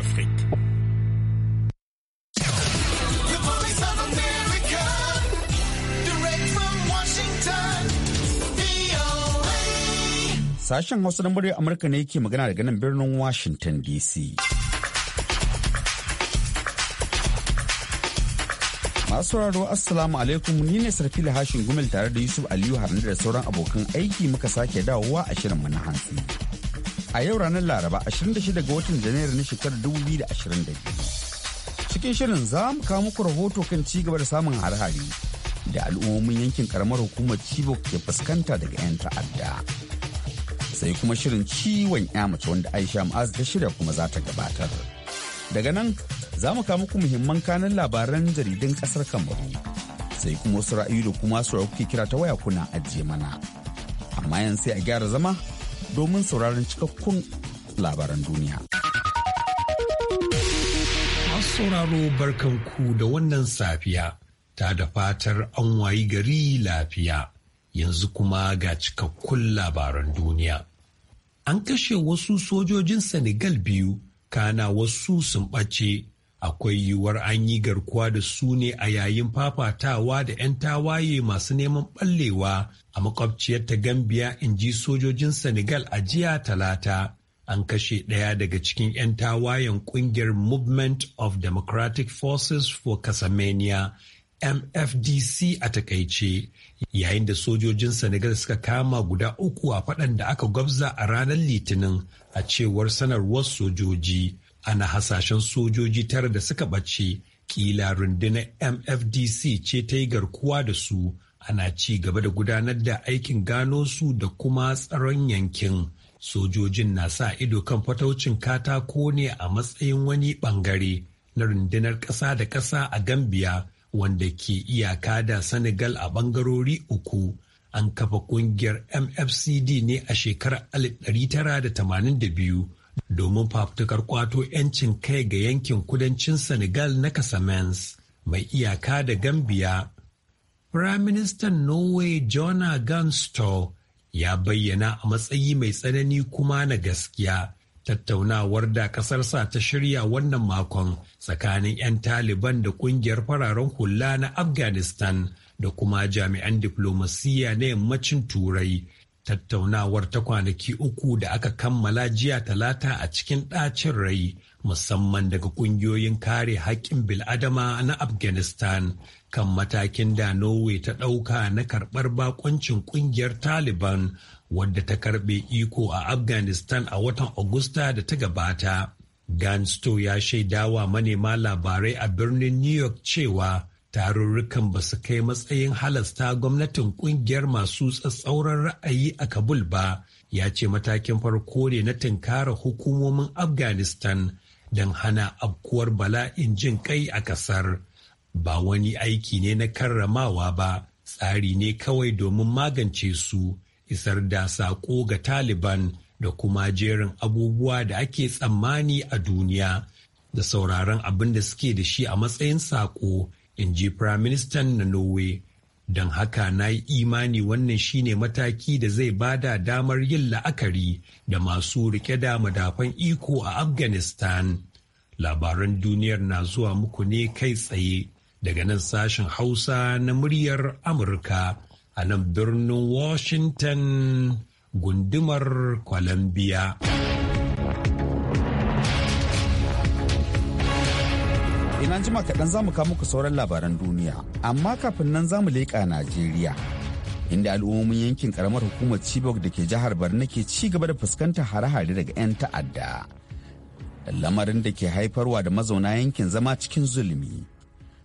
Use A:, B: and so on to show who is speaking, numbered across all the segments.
A: Afrique.
B: Sashen Hausa na muryar Amurka ne yake magana daga nan birnin Washington DC. Masu sauraro Assalamu alaikum ni ne sarfi hashin gumel tare da Yusuf Aliyu Haranda da sauran abokan aiki muka sake dawowa a shirin na hantsi. a yau ranar Laraba 26 ga watan Janairu na shekarar 2022. Cikin shirin za mu kawo muku rahoto kan ci gaba da samun harhari da al'ummomin yankin karamar hukumar Chibok ke fuskanta daga 'yan ta'adda. Sai kuma shirin ciwon ya mace wanda Aisha Ma'az ta shirya kuma za ta gabatar. Daga nan za mu kawo muku muhimman kanan labaran jaridun kasar Kamaru. Sai kuma wasu ra'ayi da kuma su kuke kira ta waya kuna ajiye mana. Amma yanzu sai a gyara zama domin sauraron cikakkun
A: labaran duniya. sauraro barkanku da wannan safiya ta da fatar an wayi gari lafiya yanzu kuma ga cikakkun labaran duniya. An kashe wasu sojojin Senegal biyu kana wasu sun ɓace akwai yiwuwar an yi garkuwa da su ne a yayin fafatawa da 'yan tawaye masu neman ɓallewa a makwabciyar ta gambia in ji sojojin senegal a jiya talata an kashe ɗaya daga cikin 'yan tawayen ƙungiyar movement of democratic forces for casamania mfdc a takaice yayin da sojojin senegal suka kama guda uku a faɗan da aka gwabza a ranar litinin a cewar sanarwar sojoji ana hasashen sojoji tara da suka ɓace kila rundunar mfdc ce ta yi garkuwa da su ana ci gaba da gudanar da aikin gano su da kuma tsaron yankin sojojin na sa ido kan fataucin katako ne a matsayin wani bangare na rundunar ƙasa da ƙasa a gambia wanda ke iyaka da senegal a bangarori uku an kafa kungiyar mfcd ne a shekarar 1982 domin fafutukar kwato 'yancin kai ga yankin kudancin Senegal na Casamance mai iyaka da Gambia. Firaministan Norway Jona Ganstow ya bayyana a matsayi mai tsanani kuma na gaskiya tattaunawar da ƙasarsa ta shirya wannan makon tsakanin 'yan taliban da ƙungiyar fararen hula na Afghanistan da kuma jami'an diflomasiyya na yammacin Turai tattaunawar ta kwanaki uku da aka kammala jiya talata a cikin ɗacin rai musamman daga ƙungiyoyin kare haƙƙin bil'adama na afghanistan kan matakin da norway ta ɗauka na karɓar bakoncin ƙungiyar taliban wadda ta karɓe iko a afghanistan a watan agusta da ta gabata gansto ya shaidawa manema labarai a birnin new york cewa tarurrukan ba su kai matsayin halasta gwamnatin kungiyar masu tsatsauran ra'ayi a kabul ba ya ce matakin farko ne na tunkara hukumomin afghanistan don hana abkuwar bala'in jin kai a kasar ba wani aiki ne na karramawa ba tsari ne kawai domin magance su isar da saƙo ga taliban da kuma jerin abubuwa da ake tsammani a duniya da sauraron abin da suke da shi a matsayin saƙo in ji Firaministan na Norway. Don haka na yi imani wannan shine mataki da zai bada damar yin la'akari da masu rike da madafan iko a Afghanistan. Labaran duniyar na zuwa muku ne kai tsaye daga nan sashen Hausa na muryar Amurka a nan birnin Washington gundumar Columbia.
B: an jima kaɗan za mu muku sauran labaran duniya, amma kafin nan za mu leƙa Najeriya. Inda al'ummomin yankin karamar hukumar Chibok da ke jihar Borno ke ci gaba da fuskantar hare-hare daga 'yan ta'adda. Lamarin da ke haifarwa da mazauna yankin zama cikin zulumi.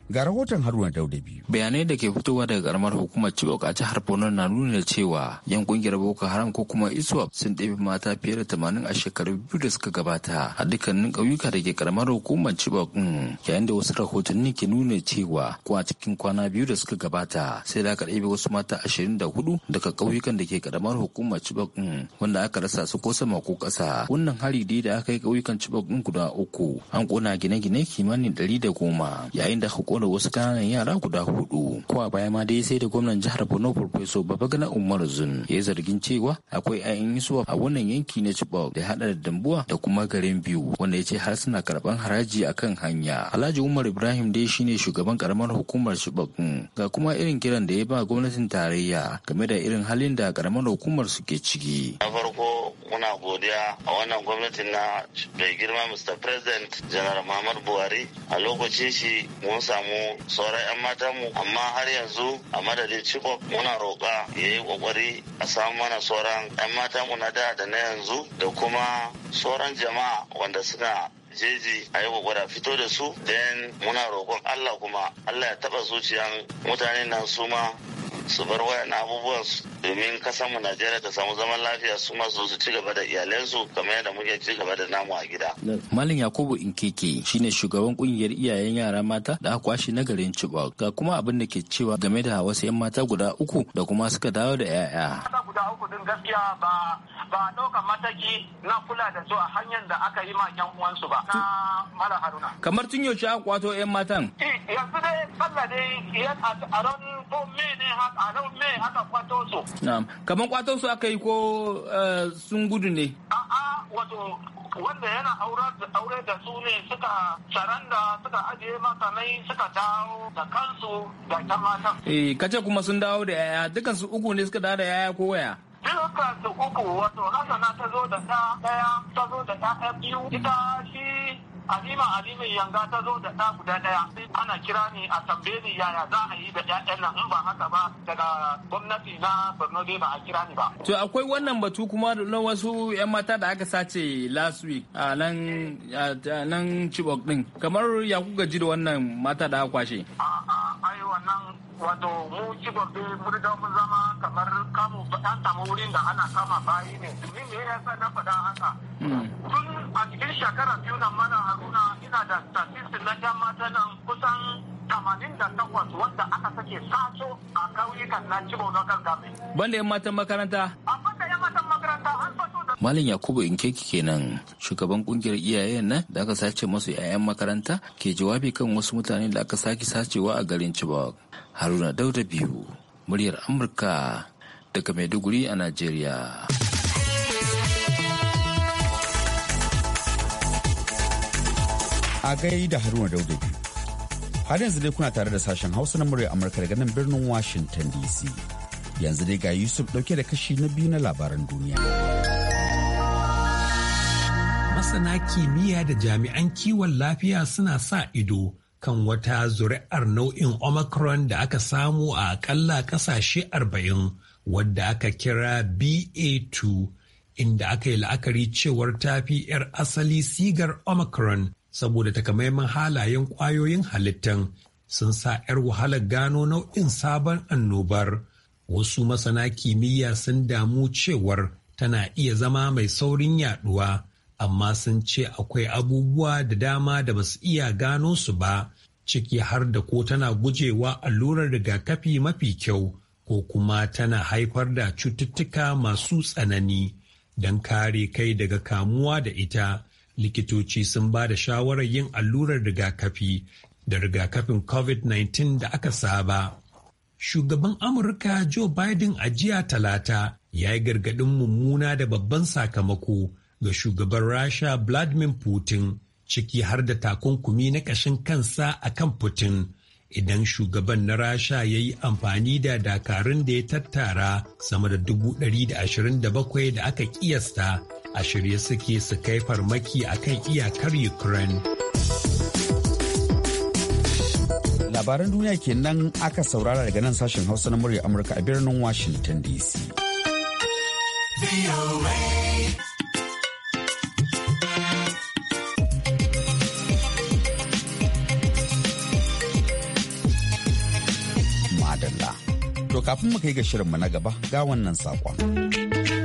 B: Ga rahoton Haruna Dauda biyu.
C: Bayanai da ke fitowa daga karamar hukumar Chibok a jihar Borno na nuna da cewa yan kungiyar Boko Haram ko kuma ISWAP sun ɗebi mata fiye da tamanin a shekaru biyu da suka gabata a dukkanin ƙauyuka da ke karamar hukumar Chibok ɗin yayin da wasu rahotanni ke nuna cewa ko a cikin kwana biyu da suka gabata sai da aka ɗebe wasu mata ashirin da hudu daga ƙauyukan da ke karamar hukumar Chibok ɗin wanda aka rasa su ko sama ko ƙasa. Wannan hari dai da aka yi ƙauyukan Chibok ɗin guda uku an ƙona gine-gine kimanin ɗari da goma yayin da hukumar kona wasu kananan yara guda hudu ko a baya ma dai sai da gwamnan jihar borno professor babagana umar zun ya zargin cewa akwai 'ya'yan isuwa a wannan yanki na chibok da hada da dambuwa da kuma garin biyu wanda ya ce har suna karban haraji akan hanya alhaji umar ibrahim dai shine shugaban karamar hukumar chibok ga kuma irin kiran da ya ba gwamnatin tarayya game da irin halin da karamar hukumar suke ciki
D: na farko muna godiya a wannan gwamnati na bai girma mr president janar muhammad buhari a lokacin shi mun samu sauran 'yan matanmu amma har yanzu a madadin chibok muna roƙa ya yi ƙoƙari a samu mana sauran 'yan matanmu na da da na yanzu da kuma sauran jama'a wanda suna jeji a yi gwagwada fito da su don muna roƙon allah kuma allah ya taɓa zuciyan mutane nan su ma su bar wayan abubuwan su domin kasan mu Najeriya ta samu zaman lafiya su masu su ci gaba da iyalansu kamar yadda muke ci gaba da namu a gida.
C: Malam Yakubu Inkeke shine shugaban kungiyar iyayen yara mata da aka kwashi na garin Chibok. Ga kuma abin da ke cewa game da wasu 'yan mata guda uku da kuma suka dawo da 'ya'ya.
E: guda uku din gaskiya ba ba ɗaukan mataki na kula da su a hanyar da aka yi ma yan uwansu ba na mala haruna
C: kamar tun yaushe a kwato yan matan
E: eh, yanzu dai kalla dai yan a ran ko me ne haka a ran me haka kwato su
C: kamar kwato su aka yi ko eh, sun gudu ne
E: wato wanda yana aure da su ne suka saranda suka ajiye makamai suka dawo da kansu da ta matan.
C: Eh kace kuma sun dawo da yaya dukan su uku ne suka dawo da yaya ko waya?
E: Dukan uku wato Hassana ta zo da ta ɗaya ta zo da ta biyu ita shi Halima Halima yanga ta zo da ɗa guda ɗaya ana kira ni a tambaye ni yaya za a yi da ƴaƴan nan in ba haka ba daga gwamnati na Borno dai ba a kira ni ba.
C: To akwai wannan batu kuma na wasu 'yan mata da aka sace last week a nan nan Chibok din kamar ya ku gaji da wannan mata da aka kwashe.
E: Ai wannan wato mu Chibok dai mun riga mun zama kamar kamu ɗan samu wurin da ana kama bayi ne. Ni me yasa na faɗa haka? Hmm. Tun a cikin shekara biyu nan mana haruna ina da statistics na yan mata nan kusan tamanin da takwas wanda aka sake sato a kauyukan
C: na cibo na gargabe. Banda yan matan makaranta?
F: Abin da yan matan makaranta
C: an da. Malam Yakubu Inkeki kenan shugaban kungiyar iyayen nan da aka sace masu 'ya'yan makaranta ke jawabi kan wasu mutane da aka sake sacewa a garin Chibok. Haruna Dauda biyu muryar Amurka daga Maiduguri a Najeriya.
B: a da haruna daudu har yanzu dai kuna tare da sashen hausa na murya amurka daga nan birnin washington dc yanzu dai ga yusuf dauke da kashi na biyu na labaran duniya
A: masana kimiyya da jami'an kiwon lafiya suna sa ido kan wata zuri'ar nau'in omicron da aka samu a akalla kasashe arba'in wadda aka kira ba2 inda aka yi la'akari cewar tafi 'yar asali sigar omicron saboda takamaiman halayen ƙwayoyin halittan sun sa 'yar wahalar gano nau'in sabon annobar. Wasu masana kimiyya sun damu cewar tana iya zama mai saurin yaduwa, amma sun ce akwai abubuwa da dama da basu iya gano su ba, ciki har da ko tana gujewa allurar rigakafi mafi kyau ko kuma tana haifar da cututtuka masu tsanani don kare kai daga kamuwa da ita. likitoci sun ba da shawarar yin allurar rigakafi da rigakafin covid-19 da aka saba shugaban amurka joe biden a jiya talata ya yi gargaɗin mummuna da babban sakamako ga shugaban rasha vladimir putin ciki har da takunkumi na ƙashin kansa a kan putin idan shugaban na rasha ya yi amfani da dakarun da ya tattara sama da 127 da aka ƙiyasta. a shirye suke su kai farmaki kan iyakar Ukraine.
B: Labaran duniya kenan aka saurara daga nan sashen Hausa na murya Amurka a birnin Washington DC. Madalla. To kafin mu kai ga shirinmu na gaba ga wannan saƙon.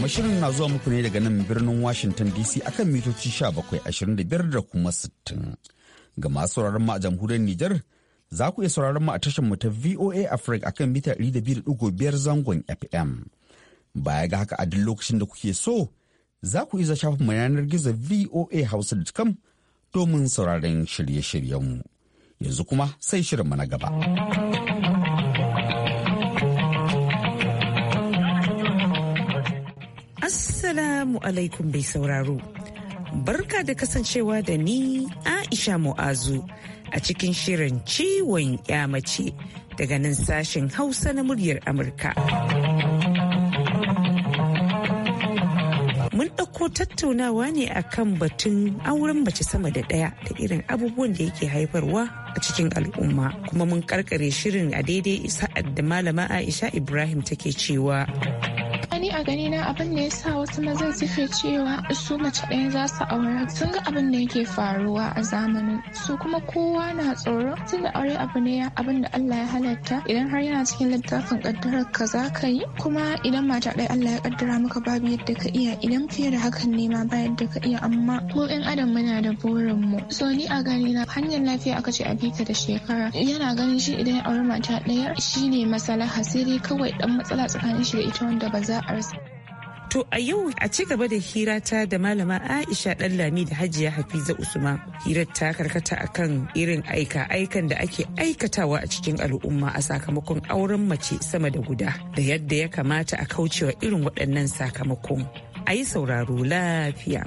B: kuma shirin na zuwa muku ne daga nan birnin Washington DC akan mitoci 1725 da kuma 60. Ga masu sauraron mu a jamhuriyar Nijar za ku iya sauraron mu a tashar mu ta VOA Africa akan mita 200.5 zangon FM. Baya ga haka a duk lokacin da kuke so za ku iya shafin mu yanar gizo voa voahausa.com domin sauraron shirye shiryen mu Yanzu kuma sai shirin mu na gaba.
G: Assalamu alaikum bai sauraro. Barka da kasancewa da ni Aisha Mu'azu a cikin shirin ciwon mace daga nan sashen Hausa na muryar Amurka. Mun ɗauko tattaunawa ne a kan batun auren mace sama da ɗaya da irin abubuwan da yake haifarwa a cikin al'umma kuma mun karkare shirin a daidai sa'ad da malama Aisha Ibrahim take cewa.
F: gani na abin da ya sa wasu mazan suke cewa su mace ɗaya za su aure sun ga abin da yake faruwa a zamanin su kuma kowa na tsoro sun da aure abu ne abin da Allah ya halatta idan har yana cikin littafin kaddarar ka za ka yi kuma idan mata ɗaya Allah ya kaddara maka babu yadda ka iya idan fiye da hakan ne ma ba yadda ka iya amma mu ɗan adam muna da burin mu so ni a gani na hanyar lafiya aka ce a bita da shekara yana ganin shi idan ya aure mata ɗaya shine masala hasiri kawai dan matsala tsakanin shi da ita wanda ba za a rasa
G: To a yau a ci gaba da ta da malama Aisha Ɗanlami da Hajiya Hafiza Usman. Hirar ta karkata akan irin aika-aikan da ake aikatawa a cikin al'umma a sakamakon auren mace sama da guda da yadda ya kamata a kaucewa irin waɗannan sakamakon. A yi sauraro lafiya.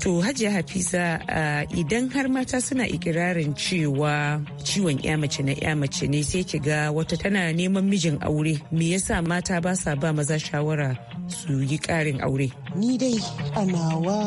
G: To Hajiya Hafiza idan har mata suna ikirarin cewa ciwon ya mace na ya mace ne sai ki ga wata tana neman mijin aure me yasa mata ba sa ba maza shawara su yi ƙarin aure
H: ni dai a nawa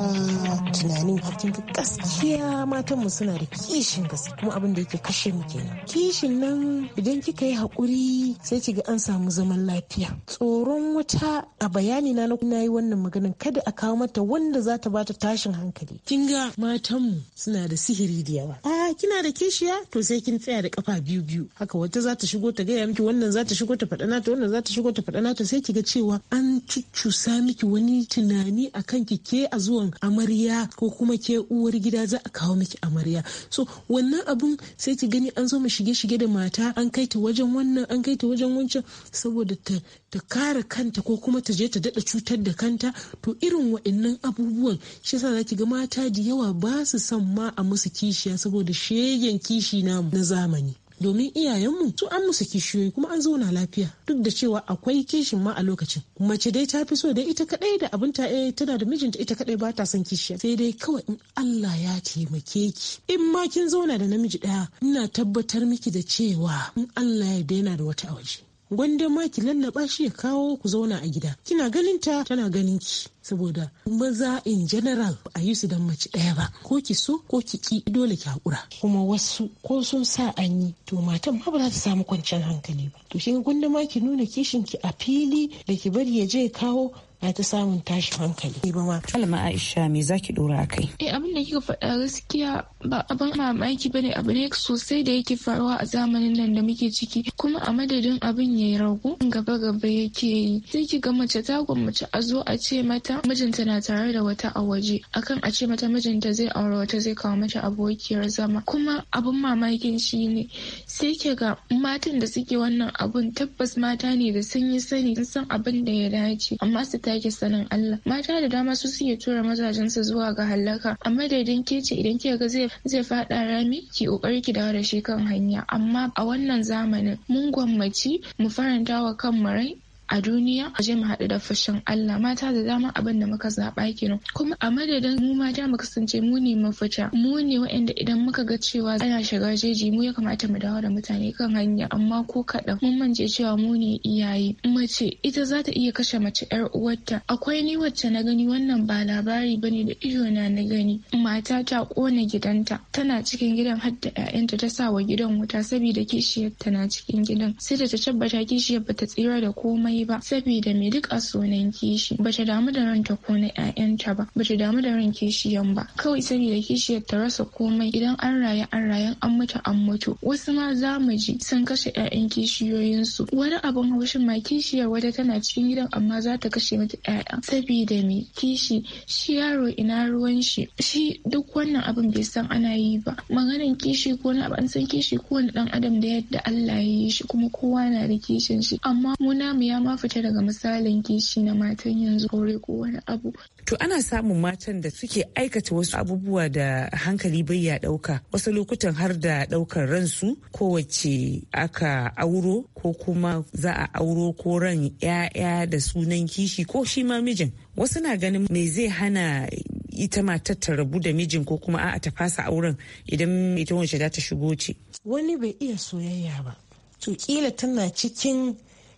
H: tunanin kin gaskiya matan mu suna da kishin gaske kuma abin da yake kashe mu kenan kishin nan idan kika yi hakuri sai ki ga an samu zaman lafiya tsoron wata a bayani na na yi wannan maganin kada a kawo mata wanda za ta bata tashin hankali kin ga matan mu suna da sihiri da yawa a kina da kishiya to sai kin tsaya da kafa biyu biyu haka wata za ta shigo ta gaya miki wannan za ta shigo ta faɗa nata wannan za ta shigo ta faɗa nata sai ki ga cewa an cuccusa miki wani tunani tunani a ki ke a zuwan amarya ko kuma ke uwar gida za a kawo miki amarya so wannan abun sai ki gani an zo mu shige-shige da mata an kai ta wajen wannan an kai ta wajen wancan saboda ta ta kare kanta ko kuma ta je ta dada cutar da kanta to irin wa'annan abubuwan shi yasa zaki ga mata da yawa ba su son ma a musu kishiya saboda shegen kishi na zamani domin iyayenmu su an musu kishiyoyi kuma an zauna lafiya duk da cewa akwai kishin ma a lokacin mace dai ta fi so dai ita kadai da abin ta eh, tana da mijinta ita kadai ba ta son kishiya sai dai kawai in Allah ya taimake ki in ma kin zauna da namiji daya ina tabbatar miki da cewa in Allah ya daina da wata a waje gwanda ma ki lallaba shi ya kawo ku zauna a gida kina ganin ta tana ganin ki saboda maza in general a yi su don mace ɗaya ba ko ki so ko ki ki dole ki haƙura kuma wasu ko sun sa an yi to matan ma ba za ta samu kwanciyar hankali ba to shi gunda ma ki nuna kishin ki a fili da ki
G: bari ya je kawo na ta samun tashi hankali. Ni ba ma. kalma Aisha me zaki dora a kai?
F: Eh abin da kika faɗa gaskiya ba abin mamaki ba ne abu ne sosai da yake faruwa a zamanin nan da muke ciki kuma a madadin abin ya yi ragu gaba gaba yake yi. Sai ki ga mace ta gwammace a zo a ce mata mijinta na tare da wata a waje akan a ce mata mijinta zai aure wata zai kawo mata abokiyar zama kuma abun mamakin shi ne sai ke ga matan da suke wannan abun tabbas mata ne da sun yi sani sun san abin da ya dace amma su take sanin Allah mata da dama su suke tura mazajen su zuwa ga halaka amma da idan ke ce idan ke ga zai zai fada rami ki kokari ki dawo da shi kan hanya amma a wannan zamanin mun gwammaci mu faranta wa kan rai a duniya je mu haɗu da fashin Allah mata da dama abin da muka zaɓa kenan kuma a madadin mu mata mu kasance mu ne mafita mu ne waɗanda idan muka ga cewa ana shiga jeji mu ya kamata mu dawo da mutane kan hanya amma ko kaɗan mun mance cewa mu ne iyaye mace ita za ta iya kashe mace yar uwarta akwai ni wacce na gani wannan ba labari bane da ido na na gani mata ta kona gidanta tana cikin gidan har da ƴaƴanta ta sa wa gidan wuta saboda kishiyarta na cikin gidan sai da ta tabbata kishiyar ba ta tsira da komai yi ba saboda me duk a sunan kishi bata damu da ranta ko na 'ya'yanta ba bata damu da ran kishiyan ba kawai saboda kishiyar ta rasa komai idan an raye an rayu an mutu an mutu wasu ma za mu ji sun kashe 'ya'yan kishiyoyinsu wani abun haushin ma kishiyar wata tana cikin gidan amma za ta kashe mata 'ya'ya saboda me kishi shi yaro ina ruwan shi shi duk wannan abun bai san ana yi ba maganin kishi ko na abu an san kishi ko wani dan adam da yadda Allah ya yi shi kuma kowa na da kishin shi amma mu ya ma fita daga misalin kishi na matan yanzu kore ko wani abu.
G: To ana samun matan da suke aikata wasu abubuwa da hankali bai ya ɗauka wasu lokutan har da ɗaukar ransu kowace aka auro ko kuma za a auro ko ran 'ya'ya da sunan kishi ko shi ma mijin. Wasu na ganin me zai hana ita ma ta rabu da mijin ko kuma a'a ta fasa auren idan ita wani za ta shigo ce.
H: Wani bai iya soyayya ba. To kila tana cikin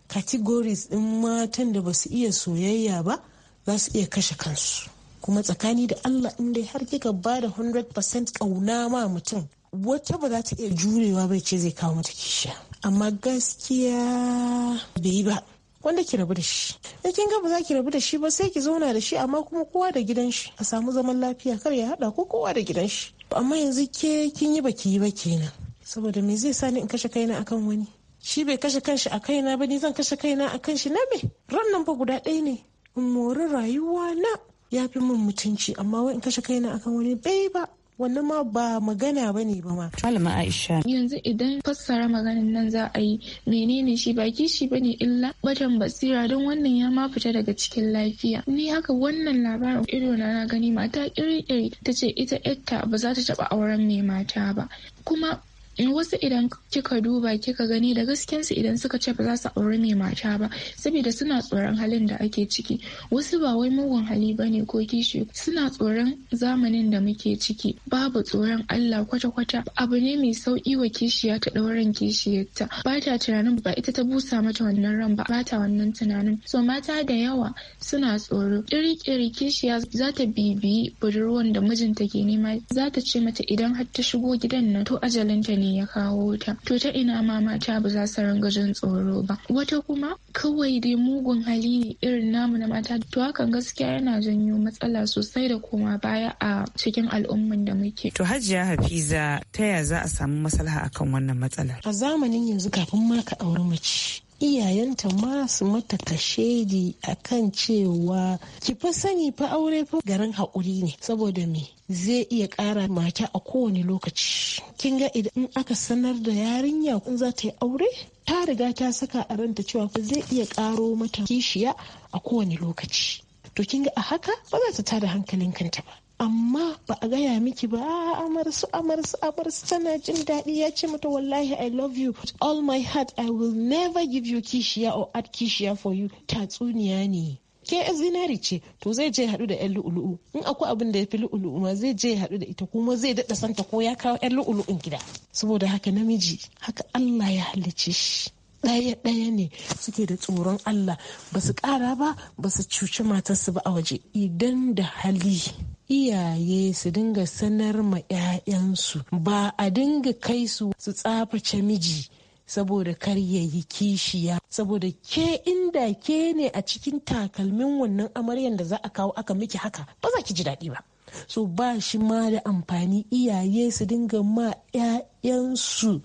H: categories ɗin matan da ba su iya soyayya ba za su iya kashe kansu kuma tsakani da allah inda har kika ba da 100% ƙauna ma mutum wata ba za ta iya jurewa bai ce zai kawo mata kisha amma gaskiya bai yi ba wanda ki rabu da shi da kin ga ba za ki rabu da shi ba sai ki zauna da shi amma kuma kowa da gidan shi a samu zaman lafiya kar ya hada ko kowa da gidan shi amma yanzu ke kin yi baki yi ba kenan saboda me zai sani in kashe kaina akan wani shi bai kashe kanshi a kaina ba ni zan kashe kaina a kanshi na me ran nan ba guda ɗaya ne in mori rayuwa na ya fi min mutunci amma wai in kashe kaina akan
F: wani bai ba wannan ma ba magana ba ne ba ma.
G: Malama Aisha.
F: Yanzu idan fassara maganin nan za a yi menene shi ba kishi ba ne illa batan basira don wannan ya ma fita daga cikin lafiya. Ni haka wannan labarin ido na na gani mata kiri ta ce ita yatta ba za ta taba auren mai mata ba. Kuma in eh, wasu idan kika duba kika gani da gaskensu idan suka ce ba za su auri mai mata ba saboda suna tsoron halin da ake ciki wasu ba wai mugun hali ba ne ko kishi suna tsoron zamanin da muke ciki babu tsoron Allah kwata-kwata abu ne mai sauki wa kishiya ta ɗauran kishiyarta ba ta tunanin ba ita ta busa mata wannan ran ba ba ta wannan tunanin so mata da yawa suna tsoro kiri-kiri kishiya za ta bibiyi budurwan da mijinta ke nema za ta ce mata idan har ta shigo gidan nan to ajalinta ne ne ya kawo ta to ta ina ma mata ba za su ringa jin tsoro ba wata kuma kawai dai mugun hali ne irin namu na mata to hakan gaskiya yana janyo matsala sosai da kuma baya a cikin al'umman da muke to hajiya
G: hafiza ta ya za a samu maslaha akan wannan matsalar a
H: zamanin yanzu kafin ma ka auri mace iyayenta ma su mata kashedi akan cewa ki fa sani fa aure fa garin haƙuri ne saboda me zai iya ƙara mata a kowane lokaci kin ga idan aka sanar da yarinya kun za ta yi aure ta riga ta saka a ranta cewa fa zai iya ƙaro mata kishiya a kowane lokaci to kin ga a haka ba za ta tada hankalin kanta ba amma ba a gaya miki ba ah, amarsu amarsu amarsu tana jin daɗi ya ce mata wallahi i love you with all my heart i will never give you kishiya or add kishiya for you tatsuniya ne ke zinari ce to zai je haɗu da 'yan lu'ulu'u in akwai abin da ya fi lu'ulu'u ma zai je haɗu da ita kuma zai daɗa santa ko ya kawo 'yan lu'ulu'un gida saboda haka namiji haka allah ya halicce shi ɗaya ɗaya ne suke da tsoron allah ba su ƙara ba ba su cuci matarsu ba a waje idan da hali iyaye su dinga sanar ma 'ya'yansu ba a dinga kai su su tsaface miji saboda kar ya yi kishiya saboda ke inda ke ne a cikin takalmin wannan amaryan da za a kawo aka miki haka ba za ki ji daɗi ba so ba shi ma da amfani iyaye su dinga ma 'ya'yansu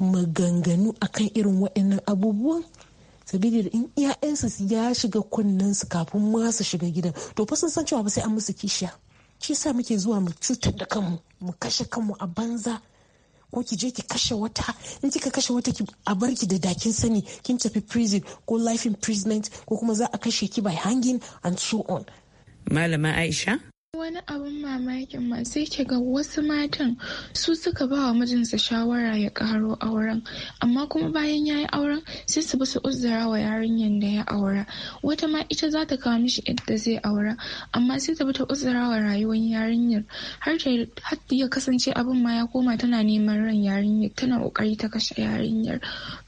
H: maganganu akan irin waɗannan abubuwan sabida da in 'ya'yansu ya shiga kunnen su kafin ma su shiga gidan to fa sun san cewa ba sai an musu kishiya shi sa muke zuwa mu cutar da kanmu mu kashe kanmu a banza ko ki je ki kashe wata in kika kashe wata ki a bar ki da dakin sani kin tafi prison ko life imprisonment ko kuma za a kashe
G: ki by hanging and so on malama aisha
F: Wani abin mamakin ma sai ke ga wasu matan su suka ba wa mijinsa shawara ya karo auren amma kuma bayan ya yi auren sai su basu su uzura wa yarinyar da ya aura wata ma ita za ta kawo mishi yadda zai aura amma sai ta bata ta uzura wa rayuwar yarinyar har ta ya kasance abin ma ya koma tana neman ran yarinyar tana kokari ta kashe yarinyar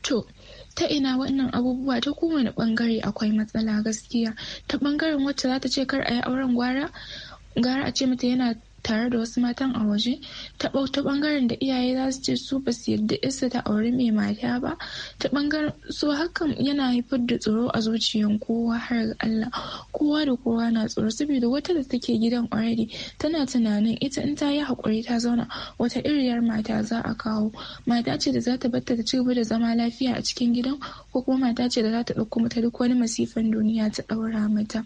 F: to ta ina wannan abubuwa ta kowane bangare akwai matsala gaskiya ta bangaren wacce za ta ce kar a yi auren gwara gara a ce mata yana tare da wasu matan a waje ta ta bangaren da iyaye za su ce su ba su yarda isa ta aure mai mata ba ta bangaren so hakan yana haifar da tsoro a zuciyan kowa har ga Allah kowa da kowa na tsoro saboda wata da take gidan already tana tunanin ita in ta yi hakuri ta zauna wata iriyar mata za a kawo mata ce da za ta batta ta cigaba da zama lafiya a cikin gidan ko kuma mata ce da za ta ɗauko mata duk wani masifan duniya ta ɗaura mata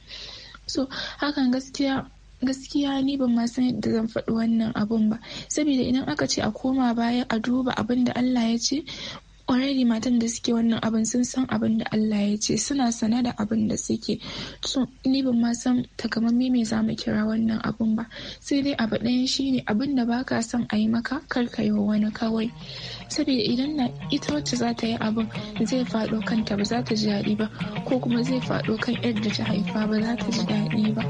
F: so hakan gaskiya gaskiya ni ban ma san yadda zan faɗi wannan abun ba saboda idan aka ce a koma bayan a duba abin da Allah ya ce already matan da suke wannan abin sun san abin da Allah ya ce suna sana da abin da suke so ni ban ma san takamamme me za mu kira wannan abin ba sai dai abu ɗaya shine abin da baka son a yi maka kar ka yi wa wani kawai saboda idan na ita wacce za ta yi abin zai faɗo kanta ba za ta ji daɗi ba ko kuma zai faɗo kan yar da ta haifa ba za ta ji daɗi ba.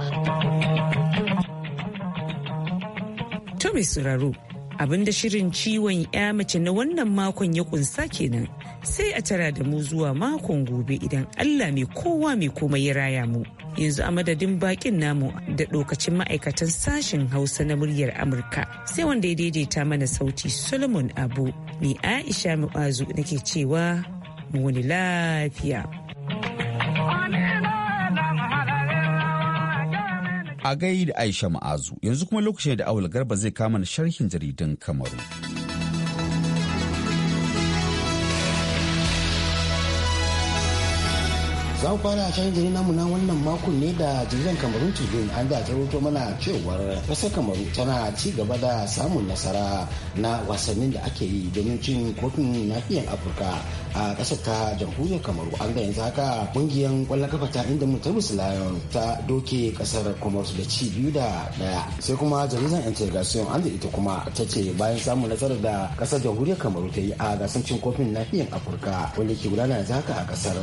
G: To mai abinda shirin ciwon ya mace na wannan makon ya kunsa kenan sai a tara da mu zuwa makon gobe idan allah mai kowa mai komai ya raya mu yanzu a madadin bakin namu da lokacin ma'aikatan sashen hausa na muryar amurka sai wanda ya daidaita mana sauti solomon abu mai aisha mu'azu nake cewa mu wani lafiya.
B: a gai da Aisha Ma'azu yanzu kuma lokacin da Awul Garba zai kama sharhin jaridan Kamaru.
E: za mu fara can gari namu na wannan makon ne da jirgin kamarun tribune an da rubuto mana cewar kasar kamaru tana ci gaba da samun nasara na wasannin da ake yi domin cin kofin nahiyar afirka a kasar ta jamhuriyar kamaru an da yanzu haka kungiyar kwallon kafa ta inda mutabus lion ta doke kasar kamaru da ci biyu da daya sai kuma ce integration an da ita kuma ta ce bayan samun nasarar da kasar jamhuriyar kamaru ta yi a gasar cin kofin nahiyar afirka wanda ke gudana yanzu haka a kasar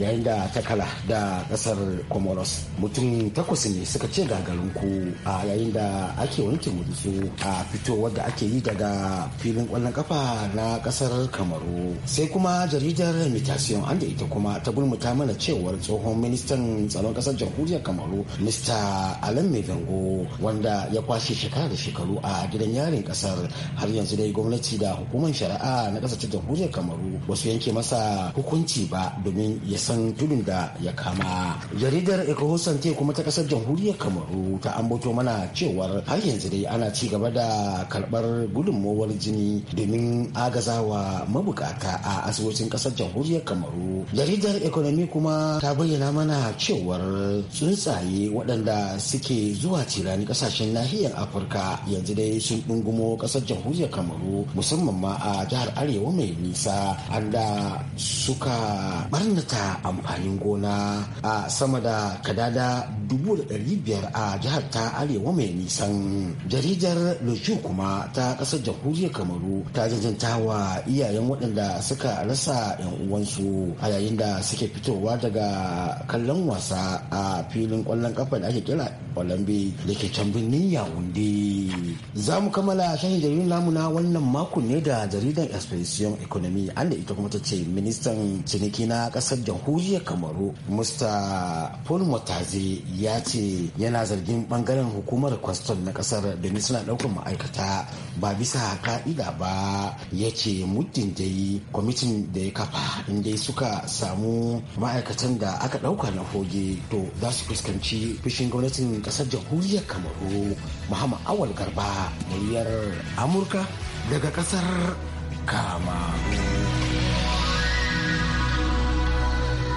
E: yayin da ta takala da kasar comoros mutum takwas ne suka ce gagarinku a yayin da ake wanke mudusu a fitowar da ake yi daga filin kwallon kafa na kasar kamaru sai kuma jaridar mutation an da ita kuma ta gulmuta mana cewar tsohon ministan tsaron kasar jamhuriyar kamaru mr alan megango wanda ya kwashe shekara da shekaru a gidan yarin kasar har yanzu dai gwamnati da hukumar shari'a na kasar jamhuriyar kamaru wasu yanke masa hukunci ba domin ya san tudun da ya kama jaridar ecohosante kuma ta kasar jamhuriyar kamaru ta ambato mana cewar har yanzu dai ana ci gaba da karbar gudunmowar jini domin agazawa mabukata a asibitocin kasar jamhuriyar kamaru jaridar Ekonomi kuma ta bayyana mana cewar tsuntsaye waɗanda suke zuwa tirani kasashen nahiyar afirka yanzu dai sun ɗungumo kasar jamhuriyar kamaru musamman ma a jihar arewa mai nisa an da suka barnata amfani. amfanin gona a sama da kadada dubu da ɗari biyar a jihar ta arewa mai nisan jaridar lojin kuma ta ƙasar jamhuriyar kamaru ta jajanta wa iyayen waɗanda suka rasa yan uwansu a yayin da suke fitowa daga kallon wasa a filin ƙwallon ƙafa da ake kira olambe da ke can birnin yawunde za mu kammala shahin jaridar lamuna wannan makon ne da jaridar expression economy an da ita kuma ta ce ministan ciniki na ƙasar jamhuriyar kamaru kamaru musta paul motaze ya ce yana zargin bangaren hukumar kwaston na kasar ni suna daukar ma'aikata ba bisa ka'ida ba ya ce muddin dai kwamitin da ya kafa inda suka samu ma'aikatan da aka dauka na hoge to za su fuskanci fushin gwamnatin kasar jamhuriyar kamaru muhammad awal garba muryar amurka daga kasar kamaru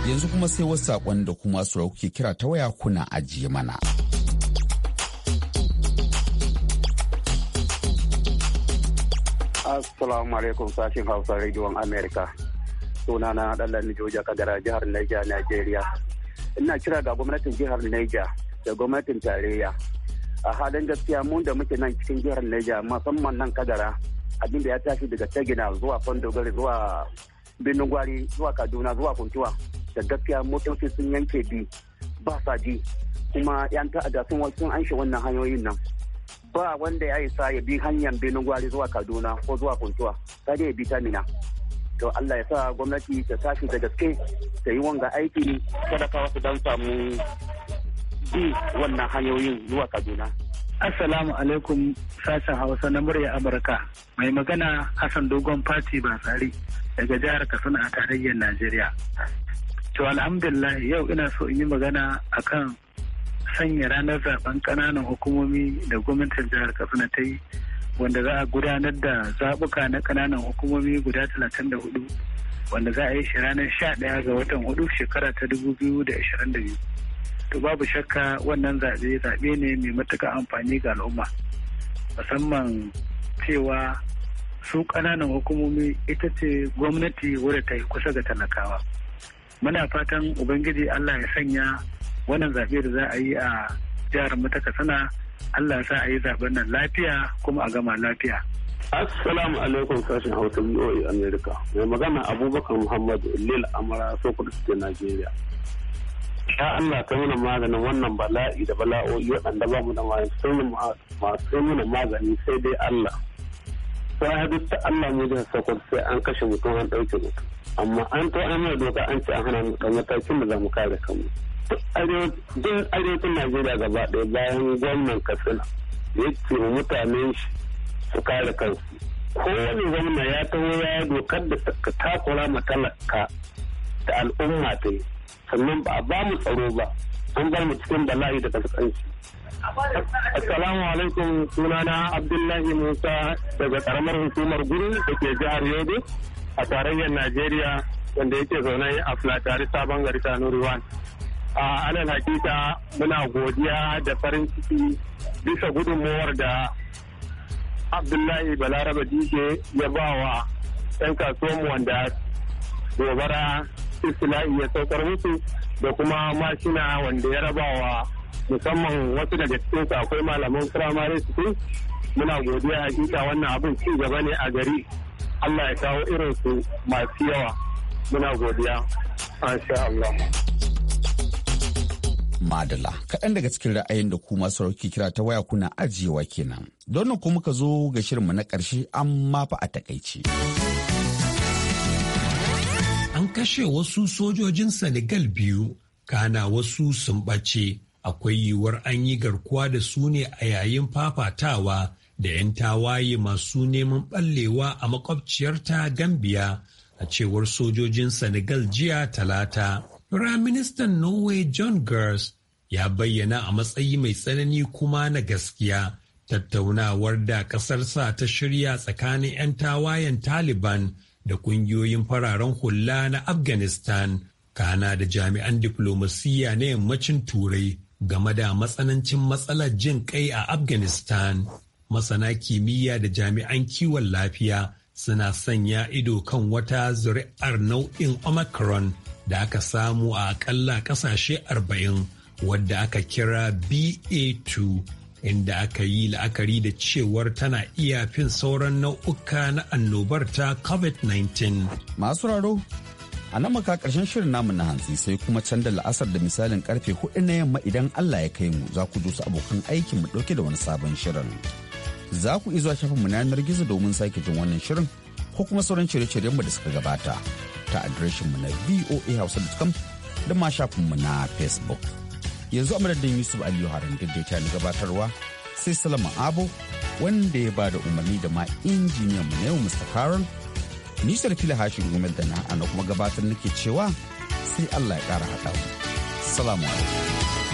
B: yanzu kuma sai wasu saƙon da kuma su kira ta waya kuna ajiye mana. Assalamu alaikum sashen Hausa Rediyon America. Suna na Ɗanlan Joja Kadara jihar Niger, Nigeria. Ina kira ga gwamnatin jihar Niger da gwamnatin tarayya. A halin gaskiya mun da muke nan cikin jihar Niger musamman nan Kadara abinda ya tashi daga Tagina zuwa Fondogari zuwa Birnin Gwari zuwa Kaduna zuwa Kuntuwa. da gaskiya motoci sun yanke bi ba sa ji kuma yan ta'adda sun sun anshi wannan hanyoyin nan ba wanda ya isa ya bi hanyar benin gwari zuwa kaduna ko zuwa kuntuwa ta dai ya bi tamina to Allah ya sa gwamnati ta tashi da gaske ta yi wanga aiki
D: ka wasu dan samu bi wannan hanyoyin zuwa Kaduna.
C: Assalamu alaikum sashen Hausa na murya Amurka mai magana Hassan Dogon Fati basari daga jihar Katsina a tarayyar Najeriya. To alhamdulillah yau ina so in yi magana akan sanya ranar zaben kananan hukumomi da gwamnatin jihar Katsina ta yi wanda za a gudanar da zabuka na kananan hukumomi guda 34 wanda za a yi shi ranar 11 ga watan 4 shekara ta 2022. To babu shakka wannan zaɓe zaɓe ne mai matuka amfani ga al'umma musamman cewa su ƙananan hukumomi ita ce gwamnati wadda ta yi kusa ga talakawa. muna fatan ubangiji allah ya sanya wannan zaɓe da za a yi a jihar mu sana, allah sa a yi zaɓen nan lafiya
D: kuma a gama lafiya assalamu alaikum sashen hausa voa america mai magana abubakar muhammadu lil amara sokoto state nigeria ya Allah ka mana maganin wannan bala'i da bala'o'i waɗanda ba mu da masu nuna magani sai dai Allah. Sai duk ta Allah mu da sokoto sai an kashe mutum an ɗauke mutum. amma an to an doka an ce a hana mu matakin da za mu kare kanmu duk arewacin najeriya gaba ɗaya bayan gwamnan katsina ya ce mutane shi su kare kansu kowane gwamna ya taho ya dokar da ta takura ma talaka da al'umma ta yi sannan ba a ba mu tsaro ba an bar mu cikin bala'i da kasuwanci. assalamu alaikum sunana abdullahi musa daga karamar hukumar guri da ke jihar yobe a tarayyar Najeriya wanda yake zaune a Flatari Sabon Gari Tanuruwan. A alal hakika muna godiya da farin ciki bisa gudunmuwar da Abdullahi Balaraba Dike ya ba wa 'yan kasuwanmu wanda gobara islahi ya saukar musu da kuma mashina wanda ya rabawa musamman wasu daga cikin akwai malaman firamare su muna godiya hakika wannan abin ci gaba ne a gari Allah ya kawo irin su masu yawa muna godiya An sha Allah
B: madala kaɗan daga cikin ra'ayin da kuma sarauki kira ta waya kuna ajiyewa kenan don kuma muka zo ga shirinmu na ƙarshe amma fa a takaici.
A: an kashe wasu sojojin senegal biyu kana wasu sun ɓace akwai yiwuwar an yi garkuwa da su ne a yayin fafatawa da 'yan tawaye masu neman ɓallewa a makwabciyarta Gambia a cewar sojojin Senegal jiya talata. Firaministan Norway John Gers ya bayyana a matsayi mai tsanani kuma na gaskiya tattaunawar da ƙasarsa ta shirya tsakanin 'yan tawayen Taliban da ƙungiyoyin fararen hula na Afghanistan, kana da jami'an diflomasiyya na yammacin Turai game da matsanancin matsalar jin kai a Afghanistan. masana kimiyya da jami'an kiwon lafiya suna sanya ido kan wata zuri'ar nau'in omicron da aka samu a akalla kasashe 40 wadda aka kira ba2 inda aka yi la'akari da cewar tana iyafin sauran nau'uka na annobar ta covid-19
B: masu raro a nan maka karshen shirin namu na hantsi sai kuma can da la'asar da misalin karfe hudu na yamma idan allah ya kai mu za ku dusa abokan aikin mu dauke da wani sabon shirin. za ku izuwa shafinmu na yanar gizo domin sake jin wannan shirin ko kuma sauran shirye-shiryenmu da suka gabata ta mu na voahouse.com da ma mu na facebook yanzu a madadin yusuf aliyu haran daidaita na gabatarwa sai salama abu wanda ya ba da umarni da ma injiniyan mu na yau mr carol nisar fila hashin gomel da na ana kuma gabatar nake cewa sai allah ya kara haɗa salamu alaikum